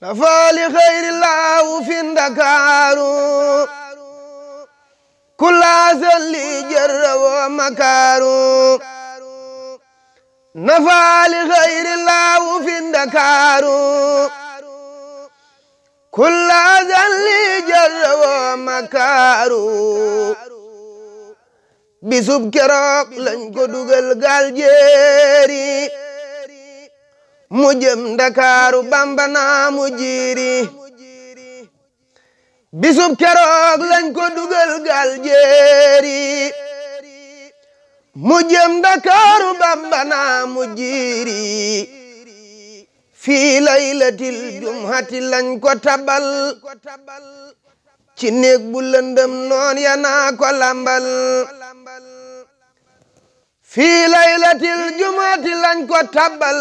nafaali xayri laahu fi ndakaaru kulaasalli jërëwoo makaaru nafaali xayri laahu fi ndakaaru kulaasalli jërëwoo mu jëm ndakaaru bamba naa bisub keroog lañ ko dugal gal jeeri mu jëm ndakaaru bamba fii laylatil jumhati lañ ko tabal ci néeg bu lëndëm noon ya ko lambal fii laylatil jumhati lañ tabal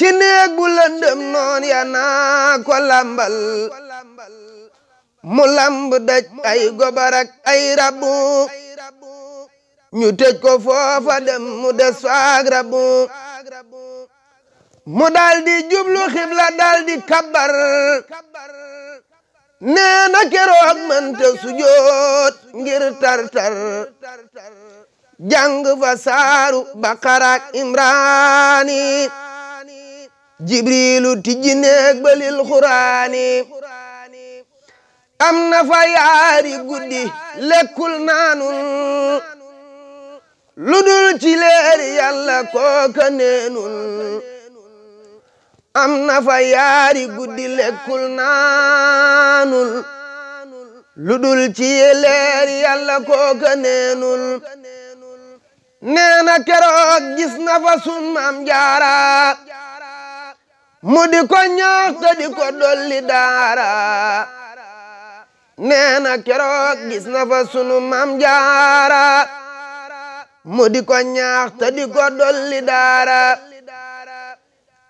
ci néeg bu lëndëm noon ya naa ko lambal mu lamb daj ay gobarak ay rabu ñu tëj ko foofa dem mu des faag rabu mu daldi jublu xibla daldi kabbar nee na keroog sujoot ngir tartar jàng fa saaru baqara imraani jibrilu tijji néeg ba am na fa yaari guddi lekkul naanul lu leeri yàlla kooka neenul am keroog gis na sun maam jaara mu di ko ñaax di ko dolli daara nee keroog gis na fa sunu maam jaara mu di ko ñaax di ko dolli daara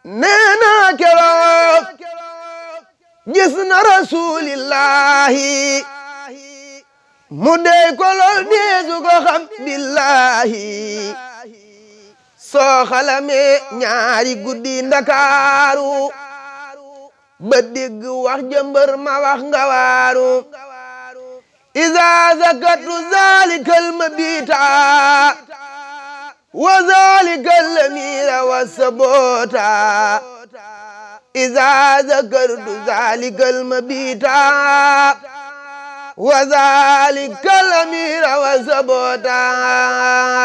nee keroog gis na mu dey ko lool deesu xam billahi soo xalamee ñaari guddi ndakaaru ba wax jëmbër ma wax nga waaru zakartu zalikal mabita wa zalikal lamira wa sabota